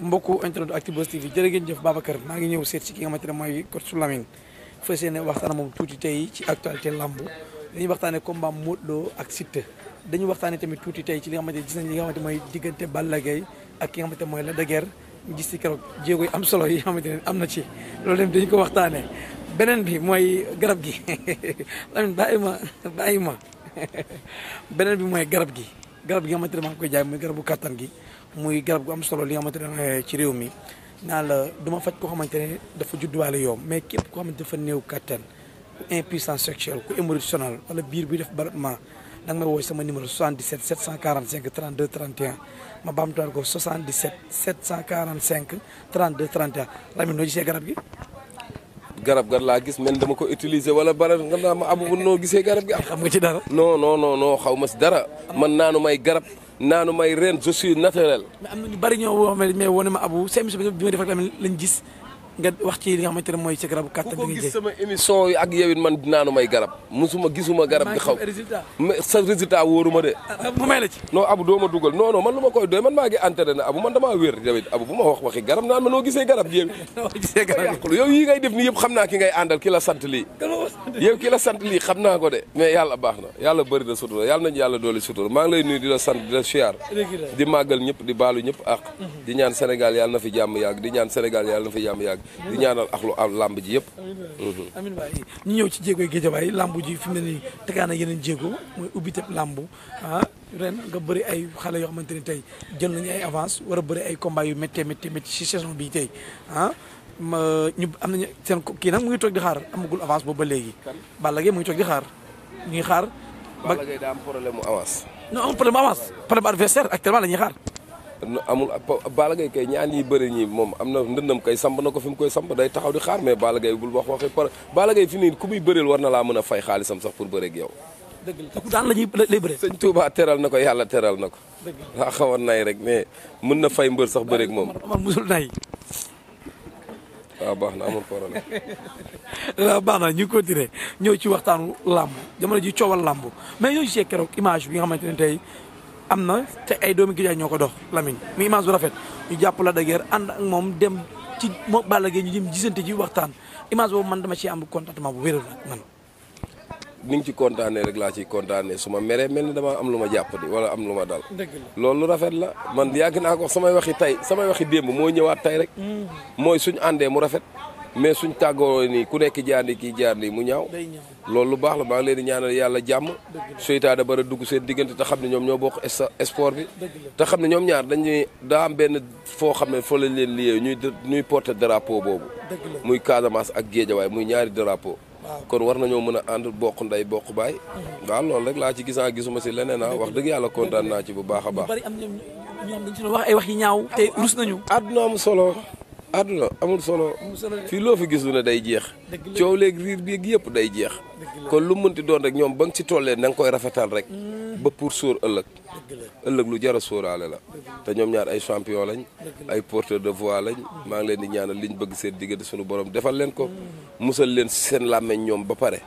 mbokk internet Actubuzz TV jërë ngeen jëf Babacar maa ngi ñëw seet si ki nga xamante ne mooy coach Lamine fas yéene waxtaan moom tuuti tey ci actualité lamb dañuy waxtaanee combat Modou Lo ak Siteu dañuy waxtaanee tamit tuuti tey ci li nga xamante ne gis li nga xamante mooy diggante Balla Gaye ak ki nga xamante mooy Lac de Guiers gis ci keroog jéego yi am solo yi nga xamante ne am na ci loolu dem dañu ko waxtaanee beneen bi mooy garab gi Lamine bàyyi ma beneen bi mooy garab gi garab gi nga xamante ne maa ngi koy jaay mooy garabu kattan gi muy garab gu am solo li nga xamante ci réew mi naan la du faj koo xamante ne dafa judduwaale yow mais képp ko koo xamante dafa néew kattan ku impuissance sexuelle ku émotionnel wala biir bi def ballottement da nga may wooy sama numéro 77 745 32 31 ma baamtuwaat ko 77 745 32 31 Lamine noo gisee garab gi. garab gar laa gis man dama ko utiliser wala bara nga naa ma abu noo gisee garab gi. am nga ci dara. non non non non xaw ma si dara. man naanu may garab. naanu may ren je suis naturel. mais am na ñu bari ñoo wax mais wane ma abu seen émission bi ma def rek lañ gis. nga wax ci li nga xamante ne mooy sa garabu kàttan bi nga jël sama émission yi ak yow it man naanu garab musuma gisuma garab gi xaw sa résultat wóoruma de bu ah, ah, may la ci non abu doo dugal non man lu ma koy doy man maa ngi entraîné abu man damaa wér yow it abu wax waxi garab naan ma noo gisee garab gi ngay def ni yëpp xam naa ki ngay àndal ki la sant lii yow ki la sant lii xam naa ko de mais yàlla baax na yàlla bëri na sutura yàlla nañu yàlla doole sutura maa ngi lay nuyu di la sant di la siyaar di màggal ñëpp di baalu ñëpp ak di ñaan Sénégal yàlla na fi jàmm yàgg di ñaan Sénégal yàlla fi jàmm yàgg di ñaanal axlu làmb ji yëpp amin waay ñu ñëw ci jéego yi géejawaay làmb ji fi mu ne nii tegaan yeneen jéego mooy ubbi tëb làmb ah ren nga bëri ay xale yoo xamante ni tey jël nañu ay avance war a bëri ay combat yu métti métti métti si saison bii tey ah ma ñu am nañu seen kii nag mu ngi toog di xaar amagul avance boobu ba léegi Balla Gaye mu ngi toog di xaar ñu ngi xaar Balla Gaye daa am problème mu avance non am problème avance problème adversaire actuellement la ñuy xaar amul Balla Gaye kay ñaan yi bëri ñi moom am na ndëndam kay samp na ko fi mu koy samp day taxaw di xaar mais Balla Gaye bul wax waxi par Balla Gaye fi nii ku muy bëreel war na laa mën a fay xaalisam sax pour bëreeg yow dëgg la ku daan la ñuy lay teral na ko yàlla teral na ko waa xawoon nay rek mais mën na fay mbër sax bëreeg moom musul nay waaw ah, baax na amul problème waaw ah, baax na ñu continuer ñëw ci waxtaanu làmb jamono ji coowal làmb mais ñoo gisee keroog image bi nga xamante ne tey am na te ay doomi Guédiawaye ñoo ko dox Lamine mu image bu rafet ñu jàpp la daguère ànd ak moom dem ci moo Balla Gaye ñu jëm gisante ji waxtaan image boobu man dama ciy am contentement bu wéral nag man ci kontaanee rek laa ciy kontaanee su ma meree mel ni dama am lu ma jàpp di wala am lu ma dal loolu lu rafet la man yàgg naa ko samay waxi tey samay waxi démb moo ñëwaat tey rek mm. mooy suñu àndee mu rafet mais suñ tàggoo nii ku nekk jaar ni kii mu ñaaw loolu lu baax la maa ngi leen di yàlla jàmm seytaane bara dugg seen diggante te xam ne ñoom ñoo bokk sport bi te xam ne ñoom ñaar dañuy daa am benn foo xam ne fa lañ leen liyee ñuy ñuy porter drapeau boobu muy Casamance ak géej Géejawaay muy ñaari drapeau kon war nañoo mën a ànd bokk ndey bokk baay uh-huh. waaw loolu rek laa ci gis naa ah, gisuma si leneen ah, a wax dëgg yàlla kontaan naa ci bu baax a baax wax yi ñaaw àdduna amul solo fii loo fi gis lu ne day jeex coow léegi riir bii yëpp day jeex kon lu mënti doon rek ñoom ba nga ci tollee na nga koy rafetal rek ba pour sóor ëllëg ëllëg lu jar a sóoraale la te ñoom ñaar ay champion lañ ay porteur de voix lañ maa ngi leen di ñaanal liñ bëgg seen diggante suñu borom defal leen ko musal leen seen làmmeñ ñoom ba pare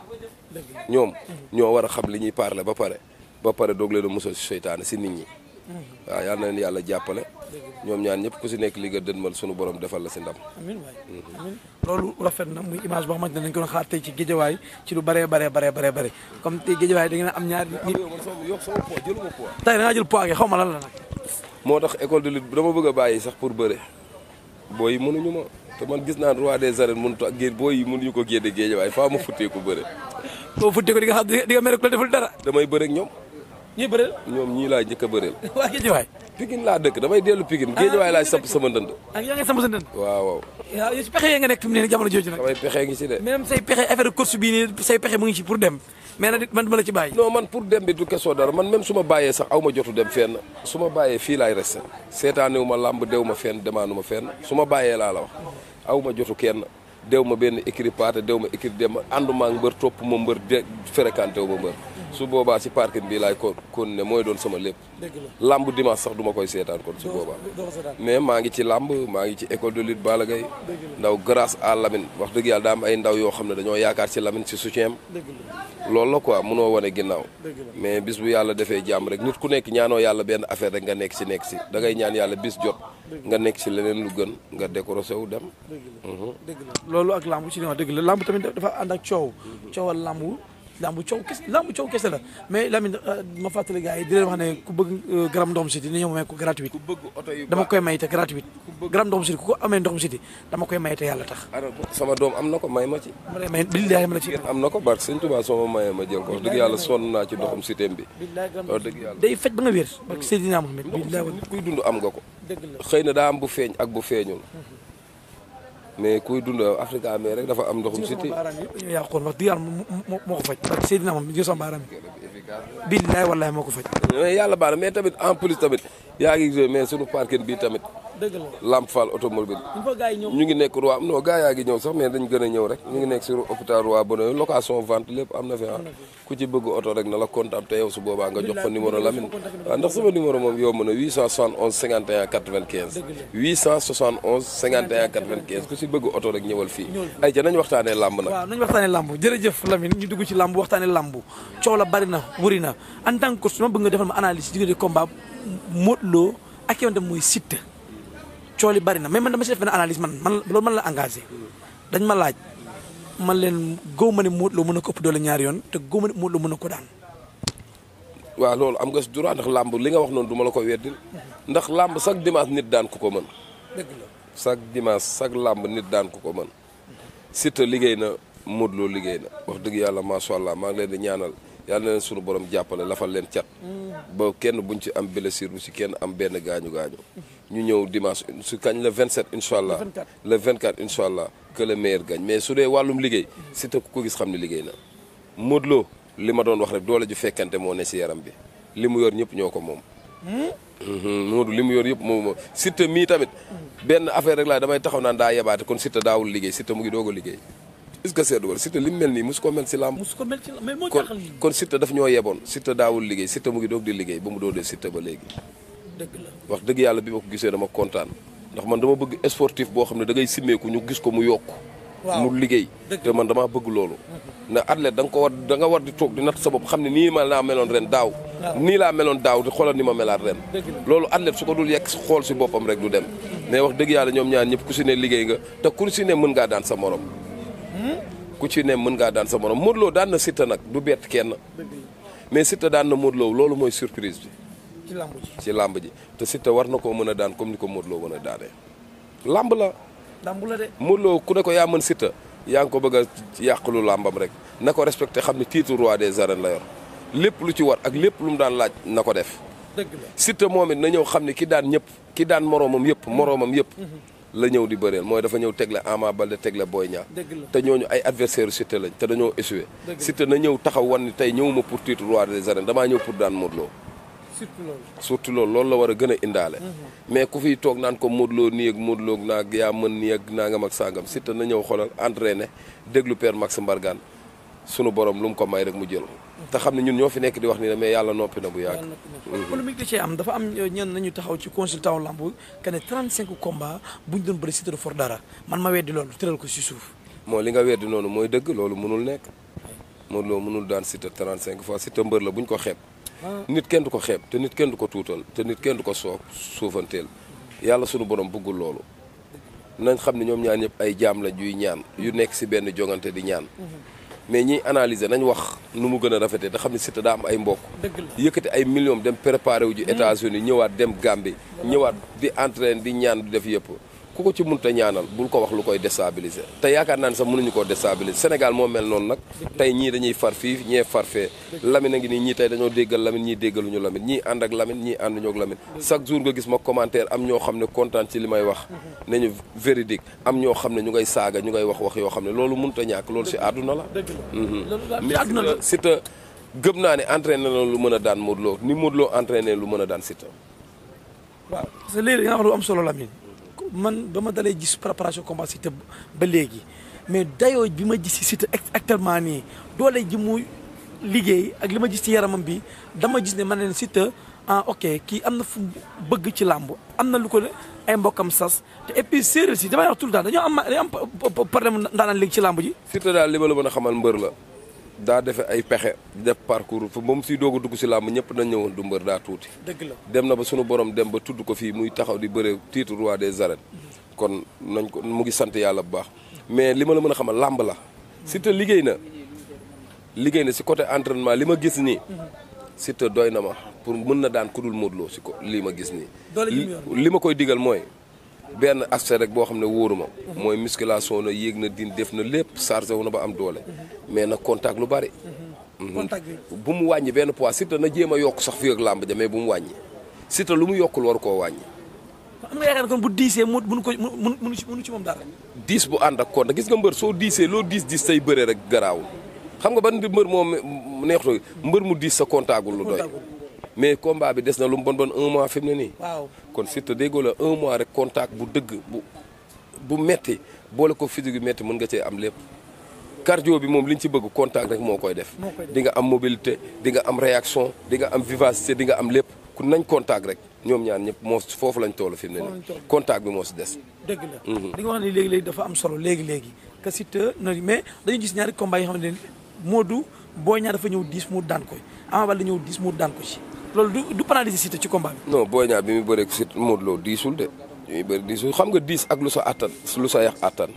ñoom ñoo war a xam li ñuy parler ba pare ba pare doog leen a musal si seytaane si nit ñi waaw yal na yàlla jàppale ñoom ñaan ñëpp ku si nekk li nga dënmal sunu borom defal la si ndam amiin mhm. loolu rafet na muy image boo xamante ne dañ ko doon tey ci géejawaay ci lu bëree bëree bëree bëree bëri comme tey géejawaay da ngeen am ñaari nit yokk sama poids jëluma poids ma la nag moo tax école de lutte dama bëgg bàyyi sax pour bëre booy yi mënuñu ma te man gis naan roi des arènes mënut ak géej booy yi mënuñu ko génne géejawaay faa ma futtee ko bëre boo futtee ko di nga xam di nga mere deful dara damay bëre ak ñoom ñii bëreel ñoom ñii laa njëkk a bëreel waa laa dëkk damay dellu Pikine ah, géejawaay laa samp sama ndënd ak ah, yaa ngi samp sa ndënd waaw waaw waaw yow pexe yi nekk fi mu ne nii jamono jooju nag samay pexe ngi si de même say pexe affaire course bii nii say pexe mu ngi ci pour dem man duma la ci bàyyi non man pour dem bi du question dara man même suma ma bàyyee sax aw jotu dem fenn su ma bàyyee fii laay resté seetaanewu ma làmb dew ma fenn demaanu ma fenn su ma bàyyee laa la wax aw ma jotu kenn dew ma benn écrit paate dew ma écrit dem ànduma ak mbër topp ma mbër de fréquenté wu ma mbër su boobaa si parking bi laay kon kon ne mooy doon sama lépp làmb dimanche sax duma koy seetaan kon su boobaa mais maa ngi ci làmb maa ngi ci école de lutte Balla Gaye ndaw grâce à Lamine wax dëgg yàlla daa am ndaw yoo xam ne dañoo yaakaar si lamin si soutien am loolu la ko munoo wane ginnaaw mais bis bu yàlla defee jàmm rek nit ku nekk ñaanoo yàlla benn affaire rek nga nekk si nekk si da ngay ñaan yàlla bis jot nga nekk si leneen lu gën nga décorosé wu dem. Mhm. dëgg la loolu ak lamb ci li wax dëgg la lamb tamit dafa ànd ak coow mhm. coowal lamb lambu coow coow kese la mais Lamine euh, ma fàttali gars yi di leen wax ne ku bëgg euh, garam ndoxum siti ni ñëw may ko gratuit dama koy may te gratuit garam ndoxum siti ku ko am na ko ma ci may billahi ma la barke sëñ Tuubaa soo ma mayee ma jël ko yàlla sonn ci ndoxum sitem bi day faj ba nga wér barke mm. Seydina kuy dund am nga ko xëy na daa am bu feeñ ak bu feeñul mm-hmm. mais kuy dund Africa mais rek dafa am ndoxum siti ñu yàqoon wax di yàlla moo ko faj parce que Seydina moom gis sama baaraam yi moo ko faj mais yàlla baax mais tamit en plus tamit yaa ngi mais sunu parking bi tamit dëgg la automobile ñu ngi nekk roi non gaa yaa ngi ñëw sax mais dañ gën a ñëw rek ñu ngi nekk sur hôpital roi Bonoyo location vente lépp am na fi ah ku ci bëgg oto rek na la contacté yow boobaa nga jox ko numéro Lamine waaw ah, ndax sama numéro moom yomb na 871 51 95 871 51 95 ku ci bëgg oto rek ñëwal fii ay ca nañ waxtaanee lamb nag nañ waxtaanee lamb jërëjëf Lamine ñu dugg ci lamb waxtaanee lamb coow la bari na en tant que mooy Siteu cool yi bari na mais man dama si def benn analyse man man loolu man la engagé dañ ma laaj man leen góob ma ne Modou Lo mën a ko ëpp doole ñaari yoon te góob ma ne Modou Lo mën a ko daan. loolu am nga si droit làmb li nga wax noonu du la ko weddil ndax làmb chaque dimanche nit daan ku ko mën. dëgg la chaque làmb nit daan ko ko mën. Siteu liggéey na Modou loo liggéey na wax dëgg yàlla macha allah maa ngi leen di ñaanal. yàlla na leen sunu borom jàppale lafal leen cat ba kenn buñ ci am blessure bu ci kenn am benn gaañu gaañu ñu ñëw dimanche su kañ le 27 incha allah le 24 incha allah que le meilleur gagne mais su dee wàllum liggéey surtout ku ko gis xam ne liggéey na Modou Lo li ma doon wax rek doole ju fekkante moo ne si yaram bi li mu yor ñëpp ñoo ko moom hmm? Hmm? Modou li mu yor yëpp moom Siteu mii tamit benn affaire rek laa damay taxaw naan daa yebaate kon Siteu daawul liggéey Siteu mu ngi doog a liggéey est-ce que seetlu woon Siteu li mu mel nii mosu ko mel si làmb. mosu ko mel si làmb kon Siteu daf ñoo yeboon Siteu daawul liggéey Siteu mu ngi doog di liggéey ba mu doodee Siteu ba léegi. la wax dëgg yàlla bi ma ko gisee dama kontaan ndax man dama bëgg sportif boo xam ne da ngay simmeeku ñu gis ko mu yokk mu liggéey te man damaa bëgg loolu na athlète da nga ko war da nga war di toog di natt sa bopp xam ne nii ma laa meloon ren daaw nii laa meloon daaw te xoolal ni ma melaat ren loolu athlète su ko dul yekk xool si boppam rek du dem mais wax dëgg yàlla ñoom ñaar ñëpp ku si ne liggéey nga te ku si ne mën ngaa daan sa morom ku ci ne mën ngaa daan sa morom Modou Lo daan na Siteu nag du bett kenn mais Siteu daan na Modou loolu mooy surprise bi. ci làmb ji ci te Siteu war na koo mën a daan comme ni ko Modou Lo mën a daanee. làmb la. làmb la de. Modou Lo ku ne ko yaa mën Siteu yaa ngi ko bëgg a yàqulu làmbam rek na ko respecté xam ne titre roi des arènes la yor lépp lu ci war ak lépp lu mu daan laaj na ko def. dëgg la Siteu moom na ñëw xam ne kii daan ñëpp kii daan moroomam yëpp moroomam yëpp. Mhm. la ñëw di bëreel mooy dafa ñëw tegle Ama Baldé tegle Boy Niang te ñooñu ay adversaire Siteu lañ te dañoo échoué Siteu na ñëw taxaw wan ni tey ñëwuma pour titre roi des arènes damaa ñëw pour daan Modou Lo lool loolu la war a gën a indaale mhm. mais ku fiy toog naan ko Modou nii ak Modou Lo naag yaa mën nii ak nga mag sangam Siteu na ñëw xoolal entraîné déglu père Max mbargaan sunu borom lu mu ko may rek mu jël te xam ne ñun ñoo fi nekk di wax ni mais yàlla noppi na bu yàgg. économique da cee am dafa am ñenn nañu taxaw ci consultant wu lamb que ne 35 combats buñ doon bëri Siteu for dara man ma weddi loolu tëral ko si suuf. moo li nga weddi noonu mooy dëgg loolu mënul nekk moom loolu mënul daan trent 35 fois Siteu mbër la buñ ko xeeb. Ah. nit kenn du ko xeeb te nit kenn du ko tuutal te nit kenn du ko soo suufanteel yàlla sunu borom bëggul loolu. nañ xam ne ñoom ñaan yëpp ay jaam la juy ñaan yu nekk si benn jongante di ñaan mhm. mais ñiy analyser nañ wax nu mu gën a rafetee te xam ne Siteu daa am ay mbokk yëkkati ay millions dem préparé wu ju mm-hmm. États-Unis ñëwaat dem Gambie mm-hmm. ñëwaat di entraîne di ñaan di def yëpp ku ko ci munta ñaanal bul ko wax lu koy déstabiliser te yaakaar naa ne sax mënuñu koo déstabiliser Sénégal moo mel noonu nag tey ñii dañuy far fii ñee far fee Lamine a ngi nii ñii tey dañoo déggal Lamine ñii déggaluñu Lamine ñii ànd ak Lamine ñii ànduñu ak Lamine chaque jour nga gis ma commentaire am ñoo xam ne kontaan ci li may wax nañu véridique am ñoo xam ne ñu ngay saaga ñu ngay wax wax yoo xam ne loolu munta ñàkk loolu si àdduna la mais mhm. Siteu gëm naa ne entraîné na lu mën a daan Modou ni Modou Lo entraîné lu mën a daan Siteu waaw léegi nga wax am solo Lamine man ba ma dalee gis préparation combat Siteu ba léegi mais dayoo bi ma gis si Siteu actuellement nii doole ji mu liggéey ak li ma gis ci yaramam bi dama gis ne man leen Siteu ah ok kii am na fu bëgg ci làmb am na lu ko ay mbokkam sas te et puis séeréer si damay wax tout le temps dañoo am dañoo am problème daanaan ci làmb ji. Siteu daal li ma la mën a xamal mbër la. daa defe ay pexe def parcours ba mu siy doog a dugg si làmb ñëpp dañ ñëwoon du daa tuuti. dëgg la dem na ba sunu borom dem ba tudd ko fii muy taxaw di bëre titre roi des arènes. kon nañ ko mu ngi sant yàlla bu baax. mais li ma la mën a xamal làmb la. Siteu liggéey na liggéey na si côté entraînement li ma gis nii. Siteu doy na ma pour mën na daan ku dul Modou Lo si ko lii ma gis nii. li ma koy digal mooy. benn aspect rek boo xam ne wóoruma mooy musculation na yéeg na din def na lépp chargé wu na ba am doole mais na contact lu bari mhm. contact bi mhm. bu mu wàññi benn poids Siteu na jéem a yokk sax fi ak làmb ja mais bu mu wàññi Siteu lu mu yokkul war koo wàññi am nga yaakaar kon bu diisee mu mënu ko mënu ci moom dara diis bu ànd ak contact gis nga mbër soo diisee loo diis diis say bëree rek garaawul xam nga ban mbër moom neextu mbër mu diis sa contagul lu doy mais combat bi des na lu mu bon bon un mois fi mu ne nii. waaw kon surtout déggoo la un mois rek contact bu dëgg bu bu metti boole ko physique bi metti mën nga cee am lépp. cardio bi moom li ñu ci bëgg contact rek moo koy def. di nga am mobilité di nga am réaction di nga am vivacité di nga am lépp ku nañ contact rek ñoom ñaan ñëpp moo foofu lañ toll fi mu ne nii. contact bi moo si des. dëgg la. Mhm. nga wax ni léegi dafa am solo léegi léegi. mais dañu gis ñaari combat yoo xamante ne Modou Boy Niang ñëw diis mu daan koy Ama Baldé dafa ñëw diis ko ci. loolu du du penaliser Siteu ci combat bi. non Boy Niang bi muy bëreeg Siteu Modou Lo diisul de bi muy bëri diisul xam nga diis ak lu sa attan lu sa yàq attan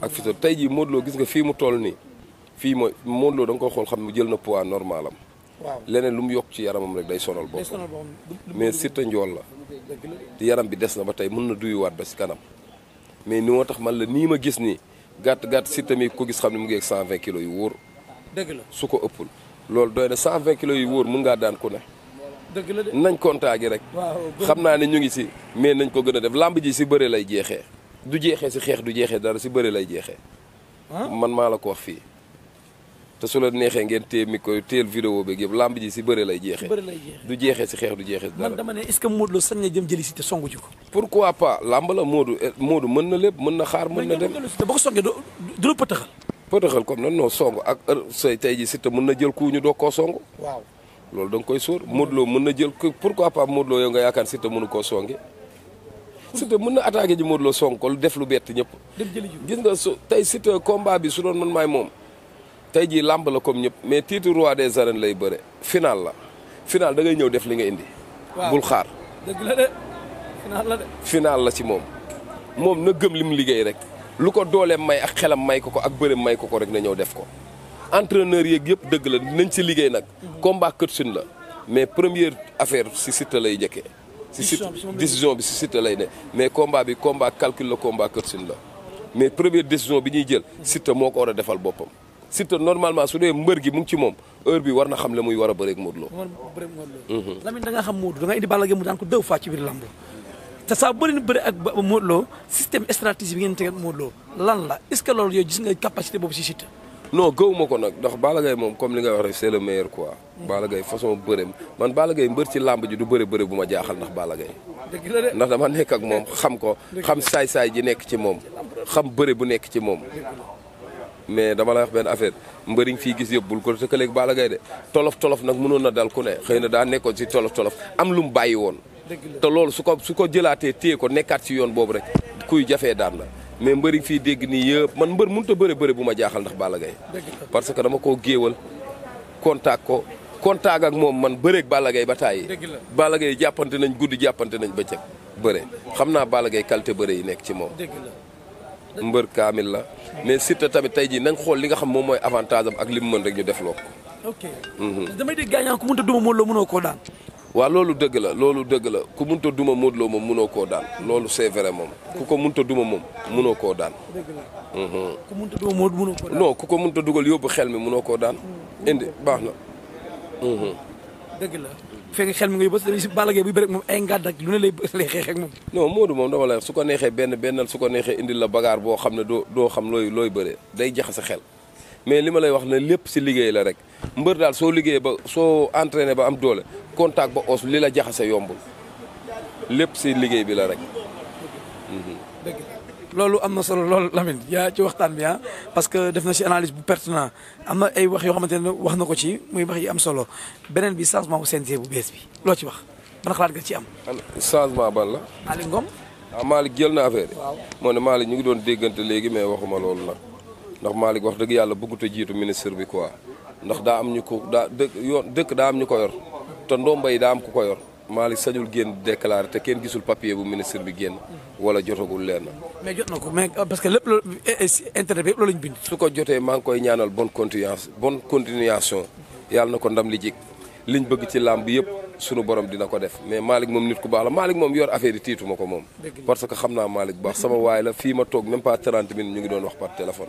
ak Siteu tey jii Modou gis nga fii mu toll nii fii mooy Modou Lo ko xool xam ne jël na poids normal am. waaw leneen lu mu yokk ci yaramam rek day sonal boppam mais Siteu njool la te yaram bi des na ba tey mën na duyuwaat ba si kanam mais ni moo tax man la nii ma gis nii gàtt gàtt Siteu mi ko gis xam ne mu ngi ak 120 kilos yu wóor. dëgg la su ko ëppul loolu doy na 120 kilos yu wóor mun ngaa daan ku ne. dëgg la nañ contact gi rek. xam naa ne ñu ngi si mais nañ ko gën a def làmb ji si bëre lay jeexee. du jeexee si xeex du jeexee dara si bëre lay jeexee. Ah? man maa la ko wax fii. te su la neexee ngeen téye micro téel vidéo beeg yëpp làmb ji si bëre lay jeexee. du jeexee si xeex du jeexee dara. man dama ne est-ce que Modou Lo sañ na jëm jëli si te songu ji ko. pour pourquoi pas làmb la Modou eh, Modou mën na lépp mën na xaar mën na dem. te boo ko songee du du la pëtëxal. pëtëxal comme nan noo song ak er, say tey ji si te mën na jël ku ñu doo koo song. waaw loolu da koy sóor Modou mën na jël pourquoi pas Modou Lo yow nga yaakaar Siteu mënu koo songe Siteu mën na attaqué ji Modou Lo song ko def lu bett ñëpp gis nga su tey Siteu combat bi su doon man maay moom tey jii làmb la comme ñëpp mais titre roi des arènes lay bëre finaal la finaal da ñëw def li nga indi bul xaar dëgg la de la de moom moom na gëm li mu liggéey rek lu ko dooleem may ak xelam may ko ko ak bëreem may ko ko rek na ñëw def ko entraîneur yeeg yëpp dëgg la nañ ci liggéey nag. combat coaching la mais première affaire si Siteu lay njëkkee. si Siteu décision bi si Siteu lay ne mais combat bi combat calcul la combat la mais première décision bi ñuy jël Siteu moo ko war a defal boppam. Siteu normalement su dee mbër gi mu ngi ci moom heure bi war na xam la muy war a bëreeg Modou Lo. war a bëreeg Modou mhm. nga xam Modou da nga indi Balla Gaye mu daan ko deux fois ci biir lamb. te saa boo leen bëri ak Modou bi ngeen tegal Modou lan la est-ce que loolu nga capacité boobu si non gëw ma ko nag ndax Balla Gaye moom comme li nga wax rek c'est le meilleur quoi. Balla Gaye façon bëreem man Balla Gaye mbër ci làmb ji du bëre bëre bu ma jaaxal ndax Balla Gaye. ndax dama nekk ak moom xam ko xam saay-saay ji nekk ci moom xam bëre bu nekk ci moom. mais dama la wax benn affaire mbëriñ fii gis yëpp bul ko tëkkaleeg bala Gaye de tolof tolof nag mënoon na dal ku ne xëy na daa nekkoon ci tolof tolof am lu mu bàyyi woon. te loolu su ko su ko jëlaatee téye ko nekkaat ci yoon boobu rek kuy jafee daan la. mais yi fii dégg nii yëpp man mbër mënut a bëre bëre bu ma jaaxal ndax Balla parce que dama koo géewal contact ko contact ak moom man bëreeg Balla Gaye ba tàyyi Balla Gaye jàppante nañ guddi jàppante nañ bëccëg bëre xam naa Balla Gaye qualité bëre yi nekk ci moom mbër kaamil la mais surtout tamit tey jii nañ xool li nga xam moom mooy avantage ak li mu mën rek ñu def loo ko ko mënta mhm. duma moom loo mënoo koo daan waa loolu dëgg la loolu dëgg la ku munta duma Modou loo moom munoo koo daan loolu c'est vrai moom ku ko munta duma moom munoo koo daan. dëgg la mhm. ku munta duma ku ko munta dugal yóbbu xel mi munoo koo daan. Mm. indi baax na. Mhm. dëgg la bu xel mi ngay bës dañuy si Balla Gaye buy bëri moom ay ngàdd ak lu ne lay lay xeex ak moom. non Modou moom dama la su ko neexee benn bennal su ko neexee indi la bagaar boo xam ne doo doo xam looy looy bëree day jaxase xel. mais li ma lay wax ne lépp si liggéey la rek mbër daal soo liggéey ba soo entraîné ba am doole contact ba os li la jaxase yombul lépp si liggéey bi la rek. loolu am na solo lool Lamine yaa ci waxtaan bi ah parce que def na si analyse bu pertinent am na ay wax yoo xamante ne wax na ko ci muy wax yi am solo beneen bi changement bu CNG bu bees bi loo ci wax ban xalaat nga ci am. changement ban la. Aliou Ngom. ah Malick jël na affaire moo ne Malick ñu ngi doon déggante léegi mais waxuma loolu nag. ndax Malick wax dëgg yàlla bëggut a jiitu ministre bi quoi ndax daa am ñu ko daa dëkk dëkk daa am ñu ko yor te ndomba yi daa am ku ko yor Malick sañul génn déclaré te kenn gisul papier bu ministre bi génn wala jotagul leen na. mais jot na ko mais euh, parce que lépp loolu euh, euh, internet bi yëpp loolu lañ bind. su ko jotee maa ngi koy ñaanal bonne continuance bonne continuation yàlla na ko ndam li jik liñ bëgg ci làmb yëpp. sunu borom dina ko def mais Malick moom nit ku baax la Malick moom yor affaire yi tiitu ma ko moom. parce que xam naa Malick baax sama waay la fii ma toog même pas 30 minutes ñu ngi doon wax par téléphone.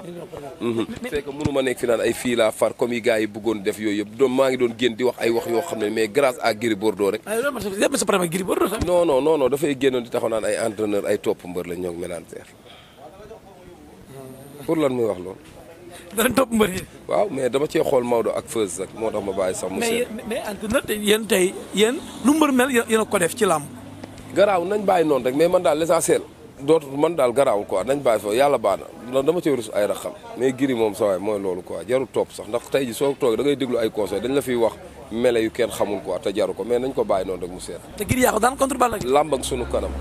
Mhm. c'est ma nekk fi naan ay fii laa far comme yi gars yi bëggoon def yooyu yëpp doon maa ngi doon génn di wax ay wax yoo xam ne mais grâce à Gris Bordeaux rek. non non non non dafay génnoon di taxaw naan ay entraîneur ay topp mbër la ñoo ngi pour lan muy wax loo danañ topp mbër yi. waaw mais dama cee xool Maodo ak Feuz rek moo tax ma bàyyi sax. monsieur mais mais yéen tey yéen lu mbër mel yéen ko def ci làmb. garaaw nañ bàyyi noonu rek mais man daal l'essentiel dootu man daal garaawul quoi nañ bàyyi foofu yàlla baax na dama cee rus ay raxam mais giri moom sa waay mooy loolu quoi jarul topp sax ndax tey soo toogee dangay ngay déglu ay conseils dañ la fiy wax mele yu kenn xamul quoi te jaru ko mais nañ ko bàyyi noonu rek mu te giri yaa ko ak sunu kanam.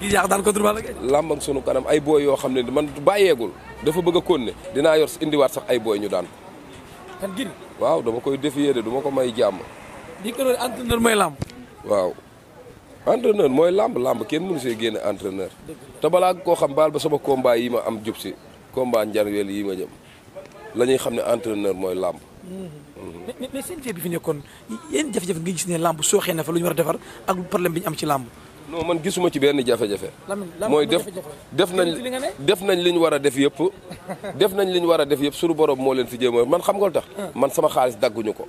giri yaa ko daan contre Balla Gaye. làmb ak sunu kanam ay booy yoo xam ne man bàyyeegul dafa bëgg a continuer dinaa yor indiwaat sax ay booy ñu daan waaw dama koy défier de duma ko may jàmm di ko doon entraîneur mooy làmb waaw entraîneur mooy làmb làmb kenn mënu see génne entraîneur te balaa koo xam baal ba sama combat yi ma am jub si combat njarweel yi ma jëm la ñuy xam ne entraîneur mooy làmb mais seen bi fi nekkoon yéen jafe-jafe nga gis ne làmb sooxee na fa lu ñu war a defar ak problème bi ñu am ci làmb non man gisuma ci benn jafe-jafe. mooy def def nañ def nañ li ñu war a def yëpp. def nañ li ñu war a def yëpp suñu borom moo leen fi jéem man xam nga lu tax. Hmm. man sama xaalis dagguñu ko.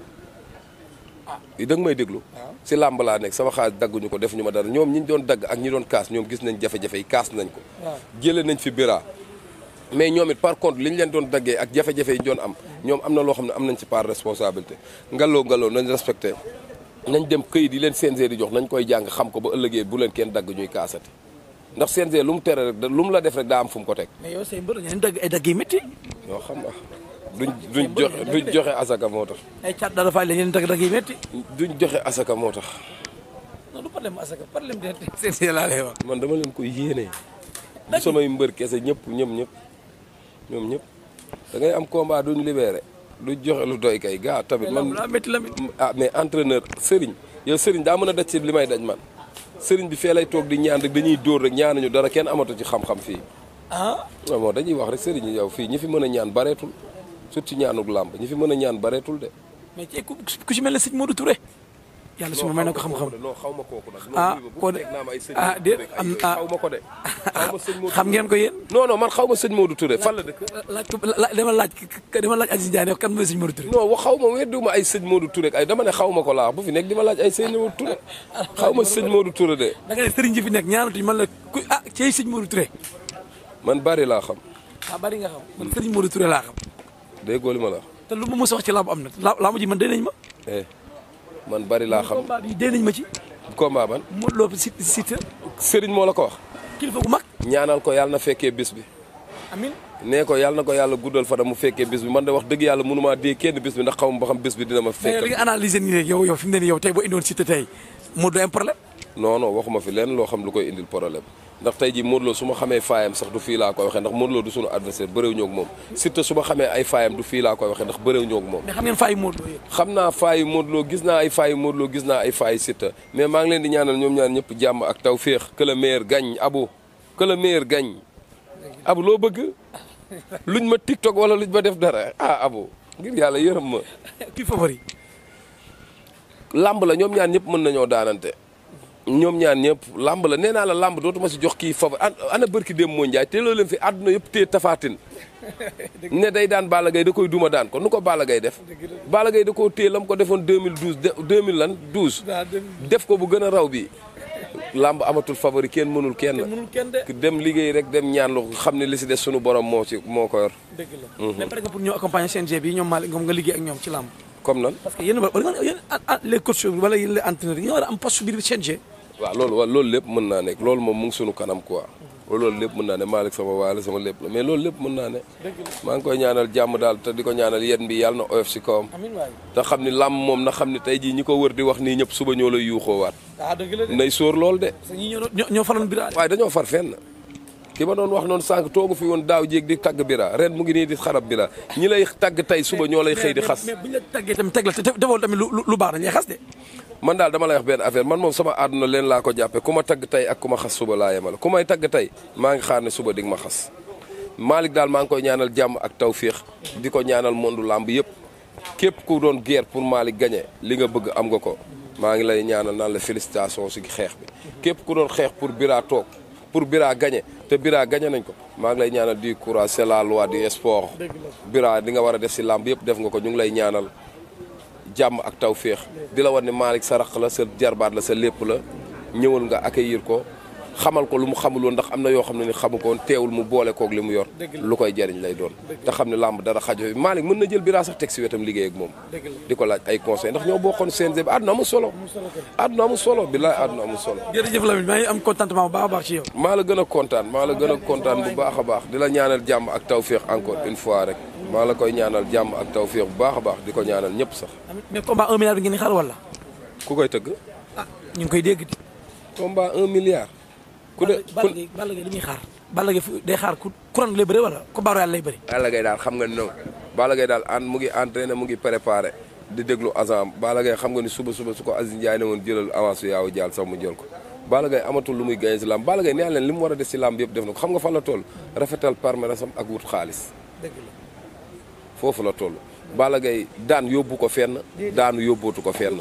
Ah. i danga may déglu si làmb laa nekk sama xaalis dagguñu ko def ñu ma dara ñoom ñi doon dagg ak ñi doon kaas ñoom gis nañ jafe-jafe yi kaas nañ ko jële nañ fi bira mais ñoom it par contre li ñu leen doon daggee ak jafe-jafe yi doon am ñoom am na loo xam ne am nañ si par responsabilité ngaloo ngaloo nañ respecté nañ dem këyit yi leen CNG di jox nañ koy jàng xam ko ba ëllëgee bu leen kenn dagg ñuy kaasati ndax CNG lu mu tere rek lu mu la def rek daa am fu mu ko teg. mais yow say mbër ngeen dagg ay dagg yu métti. yoo xam nga duñ duñ joxe duñ joxe asaka moo tax. ay cat dara fay la ngeen dagg dagg yu métti. duñ joxe asaka moo tax. non du problème asaka de CNG laa lay man dama leen koy yéene. bu samay mbër kese ñëpp ñoom ñëpp ñoom ñëpp dangay ngay am combat duñ libéré. lu joxe lu doy kay gaa tamit man ah mais entraîneur sëriñ yow sëriñ daa mën a daj ci li may daj man sëriñ bi fee lay toog di ñaan rek dañuy dóor rek ñaanuñu dara kenn amatu ci xam-xam fii ah moo dañuy wax rek sëriñ yow fii ñi fi mën a ñaan bareetul surtout ñaanuk làmb ñi fi mën a ñaan bareetul de mais ku ci mel ne sëñ Modou Touré yàlla su ma may na ko xam-xam ah koo de ah déet am ah, ah xam ngeen ko yéen. non man xaw ma sëñ Modou Touré fan la dëkk. laaj ko dama laaj dama laaj Aziz kan mooy sëñ Modou Touré. xaw ma wedduma ay sëñ Modou Touré ay dama ne xaw ma ko laa bu fi nekk di ma ay sëñ Modou Touré xaw ma sëñ Modou Touré de. da nga ne sëriñ ji fi nekk ñaanatuñ man la ku ah cey sëñ Modou Touré. man bari laa xam. ah bari nga xam man sëriñ Modou Touré laa xam. déggoo li ma la. te lu ma mos wax ci laabu am na laabu ji man dee nañ ma. Eh. man bari laa xam combat bi dee ma ci. combat ban. Modou Lo si Siteu. Serigne moo la ko wax. kilifa bu mag. ñaanal ko yàlla na fekkee bis bi. amin nee ko yàlla na ko yàlla guddal fa mu fekkee bis bi man de wax dëgg yàlla mënumaa dee kenn bis bi ndax xaw ma ba xam bis bi dina ma. fekk mais li nga analysé nii rek mu ne nii yow tey boo indiwoon Siteu tey Modou Lo waxuma fi lenn loo xam lu koy indil problème. ndax tey jii Modou su ma xamee faayam sax du fii laa ko waxee ndax Modou Lo du sunu adversaire bëréew ñoo ak moom surtout su ma xamee ay faayam du fii laa ko waxee ndax bëréew ñoo ak moom mais xam ngeen faayu Modou Lo xam naa faayu Modou gis naa ay faayu Modou Lo gis naa ay faayu Siteu mais maa ngi leen di ñaanal ñoom ñaan ñëpp jàmm ak tawféex que le meilleur gagne Abou que le loo bëgg luñ ma TikTok wala luñ ma def dara ah abu ngir yàlla yërëm ma ki favori la ñoom ñaan ñëpp mën nañoo daanante ñoom ñaan ñëpp làmb la nee naa la làmb dootuma si jox kii favori ana bërki dem moo njaay te fi àdduna yëpp tee tafaatin ne day daan Balla Gaye da koy duma daan ko nu ko Balla Gaye def Balla Gaye da koo téye la mu ko defoon 2012 2000 lan 12 def ko bu gën a raw bi làmb amatul favori kenn mënul kenn dem liggéey rek dem ñaan lu xam ne li si des sunu borom moo ci moo ko yor dëgg la mhm. mais par exemple pour ñoo accompagner CNG bi ñoom Malick Ngom nga war am poste biir CNG waaw loolu waaw loolu lépp mën naa nekk loolu moom mu ngi sunu kanam quoi loolu lépp mën naa ne Malick sama waale sama lépp la mais loolu lépp mën naa ne maa ngi koy ñaanal jàmm daal te di ko ñaanal yéen bi yàlla na oyof si xam ni làmm moom na xam ni tey jii ñi ko wër di wax nii ñëpp suba ñoo lay yuuxoowaat nay sóor loolu de ñoo faroon bira waaye dañoo far fenn ki ma doon wax noonu sànq toogu fi woon daaw jéeg di tagg bira ren mu ngi nii di xarab bira ñi lay tagg tey suba ñoo lay xëy di xas mais bu ñu la taggee tamit teg la te defoo tamit lu baax dañ lay xas de man daal dama lay wax benn affaire man moom sama àdduna leen laa ko jàppee ku ma tagg tey ak ku ma xas suba laa yemale ku may tagg tey maa ngi xaar ne suba di ma xas Malick daal maa ngi koy ñaanal jàmm ak tawféex di ko ñaanal mondu làmb yëpp képp ku doon guerre pour Malick gagné li nga bëgg am ko maa ngi lay ñaanal naan la félicitation si xeex bi képp ku doon xeex pour Bira toog pour Bira gagné te Bira gagné nañ ko maa ngi lay ñaanal di courage c'est la loi du sport Bira dinga nga war a def si làmb yëpp def nga ko ñu ngi lay ñaanal jàmm ak taw tawféex di la wan ne Malick sa raq la sa jarbaat la sa lépp la ñëwal nga accueillir ko xamal ko lu mu xamuloon woon ndax am na yoo xam ne ni xamu ko teewul mu boole koog li mu yor lu koy jariñ lay doon te xam ne làmb dara xajo fi Malick mën na jël biraa sax teg si wetam liggéey ak moom di ko laaj ay conseil ndax ñoo bokkoon CNG bi àdduna amul solo àdduna amul solo bi laay àdduna amul solo jërëjëf Lamine maa ngi am contentement bu baax maa la gën a kontaan maa la gën a kontaan bu baax a baax di la ñaanal jàmm ak tawféex encore une fois rek maa la koy ñaanal jàmm ak tawféex bu baax a baax di ko ñaanal ñëpp sax. mais combat 1 milliard bi ngeen xaar wala. ku koy tëgg. ah ñu ngi koy dégg. combat 1 milliard. ku de Balla Gaye Balla Gaye li muy xaar. Balla Gaye day xaar ku kuran lay bëri wala ku lay bëri. Balla daal xam nga ne Balla Gaye daal ànd mu ngi entraîné mu ngi préparé. di déglu agent Balla Gaye xam nga ni suba suba su ko Aziz Ndiaye ne woon jëlal avance su yaaw jaal sax mu jël ko Balla Gaye amatul lu muy gagné si làmb Balla nee leen li mu war a def si làmb yëpp def na ko xam nga fan la toll rafetal parmeresam ak wut xaalis. dëgg la. foofu la toll Balla Gaye daan yóbbu ko fenn daanu yóbbootu ko fenn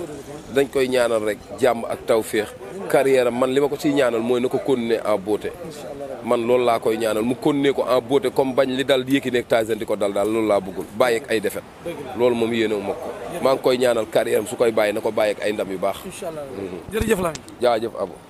dañ koy ñaanal rek jàmm ak taw tawféex carrière man li ma ko si ñaanal mooy na ko continuer en beauté man loolu laa koy ñaanal mu continuer ko en beauté comme bañ li dal Yékini ak Tyson di ko dal daal loolu laa bëggul bàyyi ak ay defet loolu moom yéenewu ma ko maa ngi koy ñaanal carrière am su koy bàyyi na ko bàyyi ay ndam yu baax mm-hmm. jërëjëf la jaajëf abo